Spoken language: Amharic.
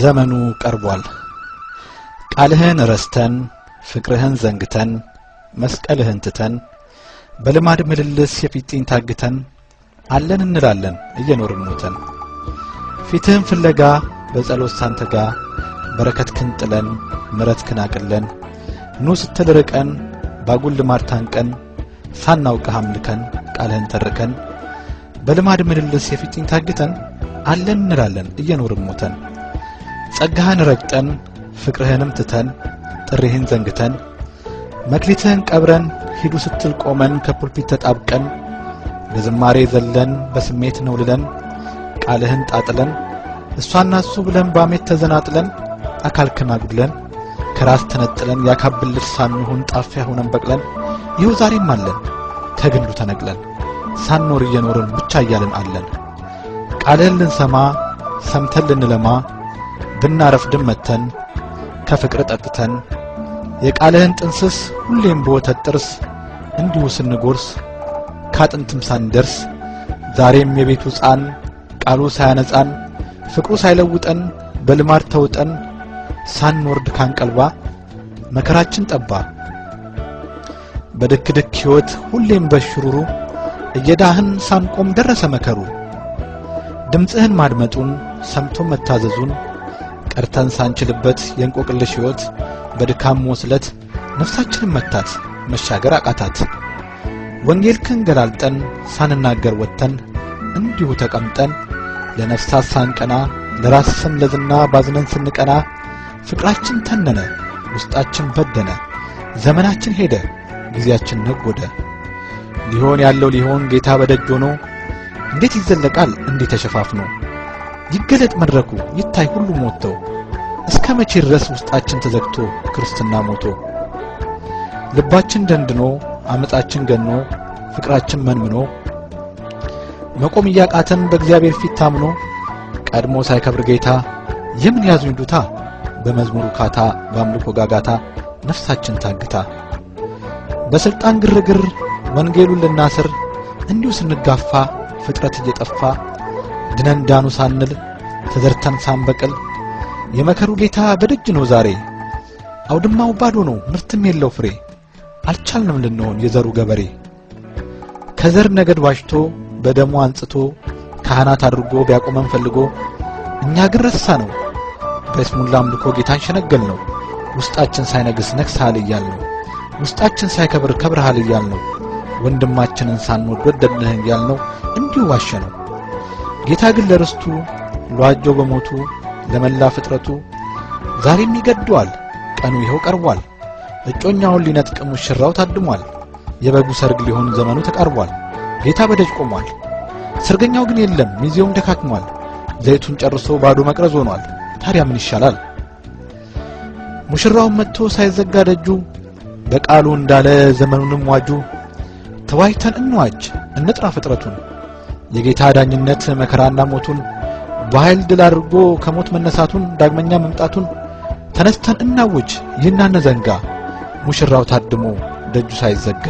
ዘመኑ ቀርቧል። ቃልህን ረስተን ፍቅርህን ዘንግተን መስቀልህን ትተን በልማድ ምልልስ የፊጥኝ ታግተን አለን እንላለን እየኖርን ሞተን ፊትህን ፍለጋ በጸሎት ሳንተጋ ክን ጥለን ክን አቅለን ኑ ስትል ርቀን ባጉል ልማድ ታንቀን ሳናውቅህ አምልከን ቃልህን ተርከን በልማድ ምልልስ የፊጥኝ ታግተን አለን እንላለን እየኖርን ሞተን ጸጋህን ረግጠን ፍቅርህንም ትተን ጥሪህን ዘንግተን መክሊትህን ቀብረን ሂዱ ስትል ቆመን ከፑልፒት ተጣብቀን ለዝማሬ ዘለን በስሜት ነው ልለን ቃልህን ጣጥለን እሷና እሱ ብለን ባሜት ተዘናጥለን አካል አጉድለን ከራስ ተነጥለን ያካብል ልሳን ጣፊያ ሆነን በቅለን ይኸው ዛሬም አለን ከግንዱ ተነቅለን ሳንኖር እየኖርን ብቻ እያልን አለን ቃልህን ልንሰማ ሰምተን ልንለማ ብናረፍድም መተን ከፍቅር ጠጥተን የቃልህን ጥንስስ ሁሌም በወተት ጥርስ እንዲሁ ስንጎርስ ካጥንትም ሳንደርስ ዛሬም የቤቱ ሕፃን ቃሉ ሳያነጻን ፍቅሩ ሳይለውጠን በልማድ ተውጠን ሳንወርድ ካንቀልባ መከራችን ጠባ በድክድክ ህይወት ሕይወት ሁሌም በሽሩሩ እየዳህን ሳንቆም ደረሰ መከሩ ድምፅህን ማድመጡን ሰምቶ መታዘዙን ቀርተን ሳንችልበት የእንቆቅልሽ ሕይወት በድካም ወስለት ነፍሳችንን መታት መሻገር አቃታት። ወንጌል ክንገላልጠን ሳንናገር ወጥተን እንዲሁ ተቀምጠን ለነፍሳት ሳንቀና ለራስ ስም ለዝና ባዝነን ስንቀና ፍቅራችን ተነነ ውስጣችን በደነ ዘመናችን ሄደ ጊዜያችን ነጎደ። ሊሆን ያለው ሊሆን ጌታ በደጅ ሆኖ እንዴት ይዘለቃል እንዲህ ተሸፋፍኖ ይገለጥ መድረኩ ይታይ ሁሉም ወጥተው እስከ መቼ ድረስ ውስጣችን ተዘግቶ ክርስትና ሞቶ ልባችን ደንድኖ አመፃችን ገኖ ፍቅራችን መንምኖ መቆም እያቃተን በእግዚአብሔር ፊት ታምኖ ቀድሞ ሳይከብር ጌታ የምን ያዙኝ ዱታ በመዝሙሩ ካታ በአምልኮ ጋጋታ ነፍሳችን ታግታ በስልጣን ግርግር ወንጌሉን ልናስር እንዲሁ ስንጋፋ ፍጥረት እየጠፋ ድነን ዳኑ ሳንል ተዘርተን ሳንበቅል የመከሩ ጌታ በደጅ ነው ዛሬ። አውድማው ባዶ ነው ምርትም የለው ፍሬ። አልቻልንም ልንሆን የዘሩ ገበሬ። ከዘር ነገድ ዋሽቶ በደሙ አንጽቶ ካህናት አድርጎ ቢያቆመን ፈልጎ እኛ ግን ረሳ ነው በስሙላ አምልኮ ጌታን ሸነገል ነው። ውስጣችን ሳይነግስ ነግሰሃል እያል ነው። ውስጣችን ሳይከብር ከብርሃል እያል ነው። ወንድማችንን ሳንወድ ወደድንህ እያል ነው። እንዲሁ ዋሸ ነው። ጌታ ግን ለርስቱ ሏጆ በሞቱ ለመላ ፍጥረቱ ዛሬም ይገድዋል። ቀኑ ይኸው ቀርቧል። እጮኛውን ሊነጥቅ ሙሽራው ታድሟል። የበጉ ሰርግ ሊሆን ዘመኑ ተቃርቧል። ጌታ በደጅ ቆሟል። ሰርገኛው ግን የለም፣ ሚዜውም ደካክሟል። ዘይቱን ጨርሶ ባዶ መቅረዝ ሆኗል። ታዲያ ምን ይሻላል? ሙሽራውን መጥቶ ሳይዘጋ ደጁ በቃሉ እንዳለ ዘመኑንም ዋጁ። ተዋይተን እንዋጅ እንጥራ ፍጥረቱን የጌታ ዳኝነት መከራና ሞቱን በኃይል ድል አድርጎ ከሞት መነሳቱን ዳግመኛ መምጣቱን ተነስተን እናውጅ ይህናነ ዘንጋ ሙሽራው ታድሞ ደጁ ሳይዘጋ